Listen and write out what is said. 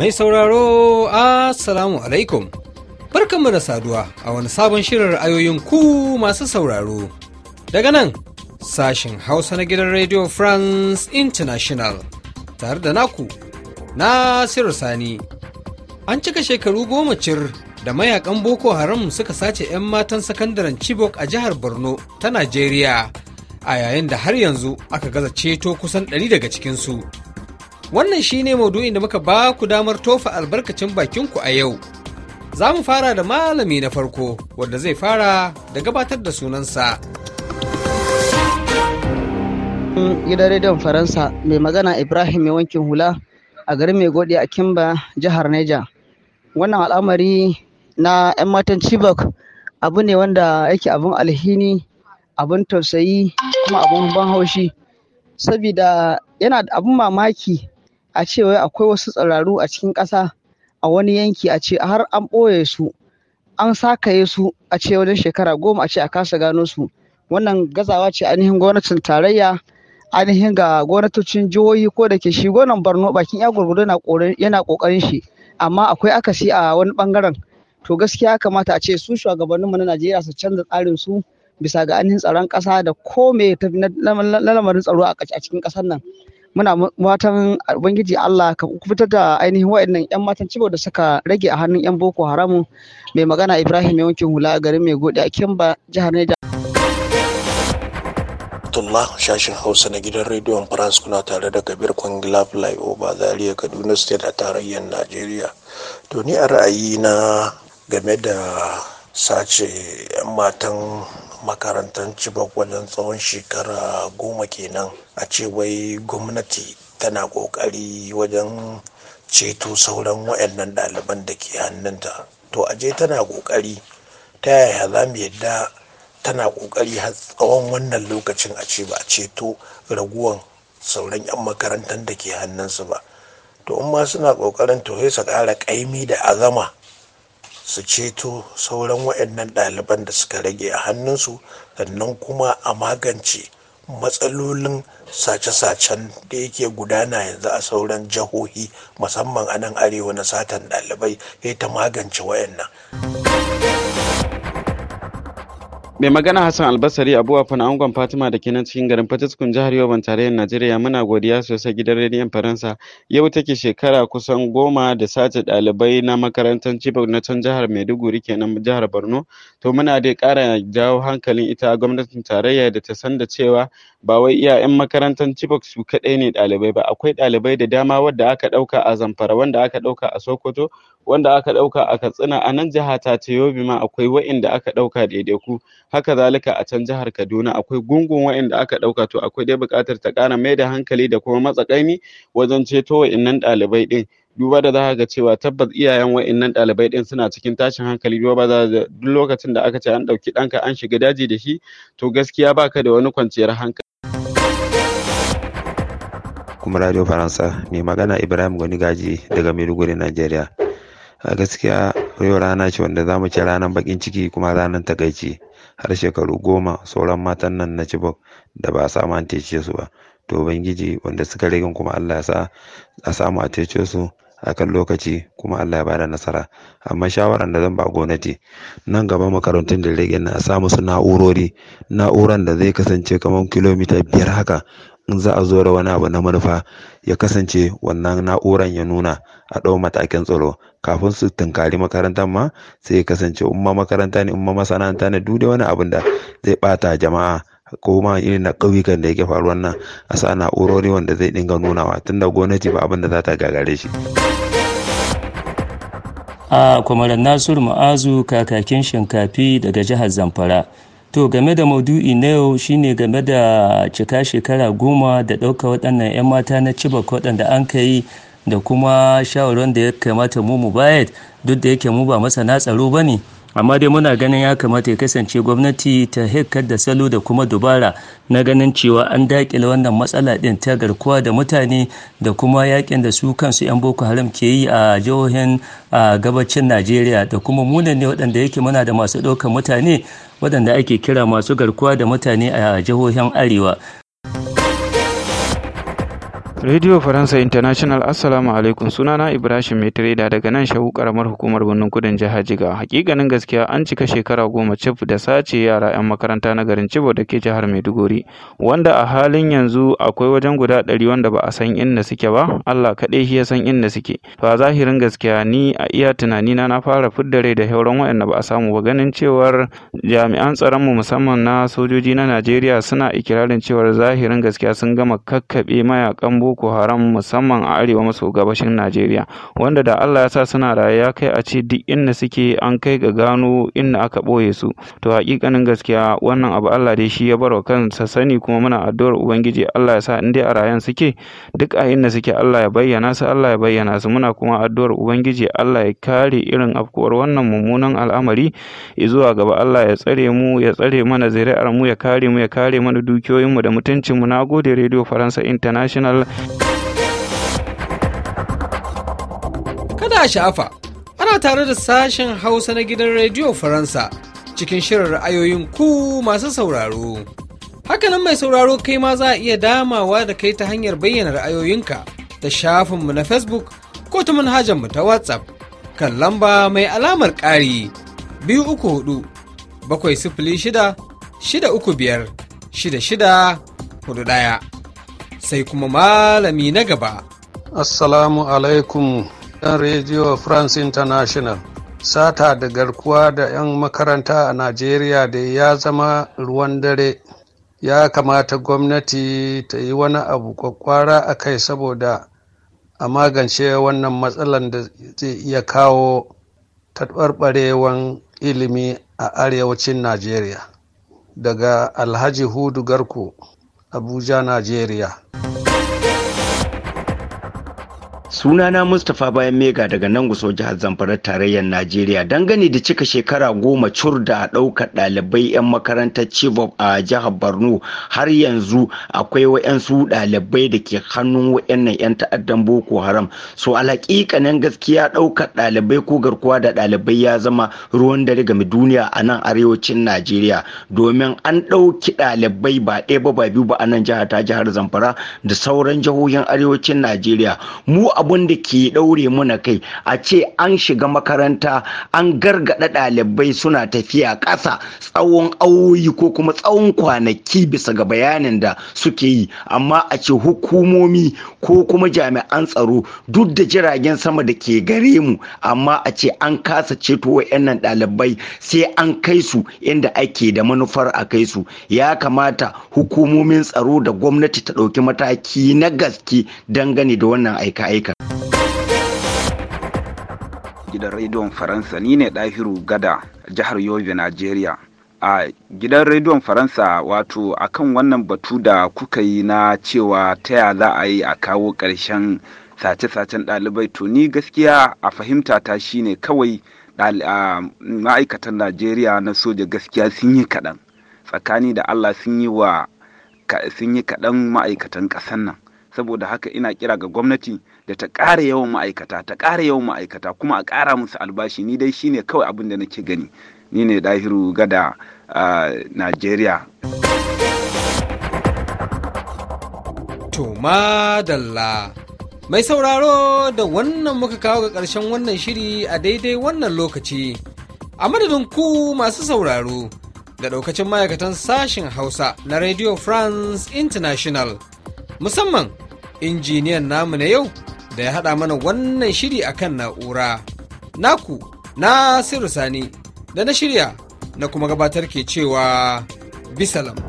Mai sauraro, Assalamu alaikum. Barkanmu da saduwa a wani sabon shirin ra'ayoyin ku masu sauraro. Daga nan, sashin Hausa na gidan Radio France International, tare da naku, Nasiru Sani. An cika shekaru goma cir da mayakan Boko Haram suka sace 'yan matan sakandaren Chibok a jihar Borno ta Najeriya. a yayin da har yanzu aka gaza ceto kusan ɗari daga cikinsu. Wannan shi ne maudu'in da muka ba ku damar tofa albarkacin bakinku a yau. Za mu fara da malami na farko wanda zai fara da gabatar da sunansa. Gidan rediyon Faransa mai magana Ibrahim mai wankin hula a garin mai godi a Kimba jihar Neja. Wannan al'amari na 'yan matan Chibok abu ne wanda yake abin alhini abin tausayi kuma abun ban haushi sabida yana da abun mamaki a cewa akwai wasu tsiraru a cikin ƙasa a wani yanki a ce har an ɓoye su an sakaye su a ce wajen shekara goma a ce a kasa gano su wannan gazawa ce ainihin gwamnatin tarayya ainihin ga gwamnatocin jihohi ko da ke shi gonan barno bakin ya gurgudu yana ƙoƙarin shi amma akwai akasi a wani bangaren to gaskiya kamata a ce su shugabanninmu na najeriya su canza tsarin su bisa ga ainihin tsaron ƙasa da ko me lamarin tsaro a cikin ƙasar nan muna matan ubangiji Allah ka fitar da ainihin wa'annan yan matan cibo da suka rage a hannun yan boko haramu mai magana Ibrahim yankin hula garin mai gode a Kimba jihar Niger Abdullah shashin Hausa na gidan rediyon France kuna tare da Kabir Kwangila Over Zaria Kaduna State a tarayyar Najeriya. To ni a ra'ayi na game da sace 'yan matan makarantar cibok wajen tsawon shekara goma kenan a ce wai gwamnati tana kokari wajen ceto sauran wayannan ɗaliban da ke hannunta to a je tana kokari ta yaya za mu yadda tana kokari har tsawon wannan lokacin a ce ba a ceto raguwan sauran 'yan makarantar da ke hannunsu ba to in ma suna kokarin to sai su ƙara ƙaimi da azama su ceto sauran waɗannan ɗaliban da suka rage a hannunsu sannan kuma a magance matsalolin sace-sacen da yake gudana yanzu a sauran jihohi musamman a nan arewa na satan ɗalibai ya ta magance wayannan. Mai magana Hassan Albasari Abu fana Angon Fatima da kenan cikin garin Fatiskun jihar Yoban tarayyar Najeriya muna godiya sosai gidan rediyon Faransa yau take shekara kusan goma da sace dalibai na makarantar Chibok na can jihar Maiduguri kenan jihar Borno to muna dai kara jawo hankalin ita gwamnatin tarayya da ta san da cewa ba wai iya 'yan makarantar cibok su kaɗai ne ɗalibai ba akwai ɗalibai da dama wadda aka ɗauka a Zamfara wanda aka ɗauka a Sokoto wanda aka ɗauka a Katsina a nan jiha ta yobi ma akwai wa'inda aka ɗauka daidaiku haka zalika a can jihar Kaduna akwai gungun wa'inda aka ɗauka to akwai dai bukatar ta kara mai da hankali da kuma matsakaimi wajen ceto wa'innan ɗalibai ɗin duba da za ga cewa tabbas iyayen wa'innan ɗalibai din suna cikin tashin hankali duba da duk lokacin da aka ce an ɗauki ɗanka an shiga daji da shi to gaskiya baka da wani kwanciyar hankali. kuma radio faransa mai magana ibrahim goni gaji daga maiduguri nigeria a gaskiya yau rana ce wanda za mu ci ranar bakin ciki kuma ranar takaici har shekaru goma sauran matan nan na Chibok da ba a samu an tece su ba to ubangiji wanda suka rigin kuma Allah ya sa a samu a tece su akan lokaci kuma Allah ya bada nasara amma shawaran da zan ba gwamnati nan gaba makarantun da rage na a samu su na'urori na'uran da zai kasance kamar kilomita biyar haka in za a zo da wani abu na manufa ya kasance wannan na'uran ya nuna a ɗau matakin tsaro kafin su tunkari makarantar ma sai ya kasance umma makaranta ne umma masana'anta ne duk da wani abin da zai bata jama'a ko ma irin na ƙauyukan da yake faruwa nan a sa na'urori wanda zai dinga nunawa tunda gwamnati ba abin da za ta gagare shi. a kwamaran nasiru ma'azu kakakin shinkafi daga jihar zamfara To game da maudu'i na yau shine game da cika shekara goma da ɗauka waɗannan 'yan mata na cibak waɗanda an ka yi da kuma shawarar da ya kamata mu mu bayar duk da yake mu ba masana tsaro ba ne amma dai muna ganin ya kamata ya kasance gwamnati ta haikar da salo da kuma dubara na ganin cewa an dakile wannan matsala ɗin ta garkuwa da mutane da kuma yakin da su kansu 'yan boko haram ke yi a jihohin a gabacin najeriya da kuma munan ne waɗanda yake muna da masu ɗaukar mutane waɗanda ake kira masu garkuwa da mutane a jihohin arewa Radio Faransa International Assalamu alaikum sunana Ibrahim Metreda daga nan shahu karamar hukumar birnin kudin jihar Jigawa. Hakikanin gaskiya an cika shekara goma cif da sace yara 'yan makaranta na garin Cibo da ke jihar Maiduguri wanda a halin yanzu akwai wajen guda ɗari wanda ba a san inda suke ba Allah kaɗai shi ya san inda suke. To a zahirin gaskiya ni a iya tunani na na fara fidda rai da hauran waɗanda ba a samu ba ganin cewar jami'an tsaron mu musamman na sojoji na Najeriya suna ikirarin cewar zahirin gaskiya sun gama kakkaɓe mayakan boko boko haram musamman a arewa maso gabashin najeriya wanda da allah ya sa suna raye ya kai a ce duk inda suke an kai ga gano inda aka boye su to hakikanin gaskiya wannan abu allah dai shi ya wa kansa sani kuma muna addu'ar ubangiji allah ya sa inda a rayan suke duk a inda suke allah ya bayyana su allah ya bayyana su muna kuma addu'ar ubangiji allah ya kare irin afkuwar wannan mummunan al'amari zuwa gaba allah ya tsare mu ya tsare mana zuri'ar mu ya kare mu ya kare mana dukiyoyinmu da mutuncinmu na gode rediyo faransa international Kada a sha'afa, ana tare da sashen Hausa na gidan Rediyo Faransa cikin shirin ra'ayoyin ku masu sauraro. Hakanan mai sauraro kai ma za a iya damawa da kai ta hanyar bayyana ra'ayoyinka ta shafinmu na Facebook ko ta manhajarmu ta WhatsApp kan lamba mai alamar ƙari biyu uku hudu bakwai sifili shida shida uku biyar shida shida hudu ɗaya sai kuma malami na gaba. Assalamu alaikum gidan rediyo france international sata da garkuwa da 'yan makaranta a najeriya da ya zama ruwan dare ya kamata gwamnati ta yi wani abu kwakwara a kai saboda a magance wannan matsalan da zai iya kawo taɓarɓarewan ilimi a arewacin najeriya daga alhaji hudu garko abuja najeriya sunana mustapha bayan mega daga nan guso jihar zamfara tarayyar najeriya dangane da cika shekara goma cur da ɗaukar ɗalibai 'yan makarantar chibok a jihar borno har yanzu akwai wa'yansu ɗalibai da ke hannun wa'yannan 'yan ta'addan boko haram so alhaƙiƙanin gaskiya ɗaukar ɗalibai ko garkuwa da ɗalibai ya zama ruwan dare game duniya a nan arewacin najeriya domin an ɗauki ɗalibai ba ɗaya ba ba biyu ba a nan jihar ta jihar zamfara da sauran jihohin arewacin najeriya mu abu abin da ke ɗaure muna kai a ce an shiga makaranta an gargaɗa ɗalibai suna tafiya ƙasa tsawon awoyi ko kuma tsawon kwanaki bisa ga bayanin da suke yi amma a ce hukumomi ko kuma jami'an tsaro duk da jiragen sama da ke gare mu amma a ce an kasa ceto wa'annan ɗalibai sai an kai su inda ake da manufar a kai su ya kamata hukumomin tsaro da gwamnati ta ɗauki mataki na gaske dangane da wannan aika-aika da rediyon faransa ni ne ɗahiru gada jihar yobe najeriya a gidan rediyon faransa wato akan wannan batu da kuka yi na cewa ta ya za a yi a kawo ƙarshen sace-sacen ɗalibai to ni gaskiya a fahimta ta ne kawai ma'aikatan najeriya na soja gaskiya sun yi kaɗan tsakani da allah sun yi kaɗan ma'aikatan ƙasar nan saboda haka ina kira ga gwamnati da ta ƙara yawan ma'aikata ta ƙara yawan ma'aikata kuma a ƙara musu albashi ni dai shine kawai abin da nake gani ni ne dahiru gada a najeriya to madalla mai sauraro da wannan muka kawo ga ƙarshen wannan shiri a daidai wannan lokaci a madadin ku masu sauraro da ɗaukacin ma'aikatan sashen hausa na radio france international musamman injiniyan namu na yau da ya haɗa mana wannan shiri akan na'ura. Naku, Nasiru Sani, da na shirya na kuma gabatar ke cewa bisalam.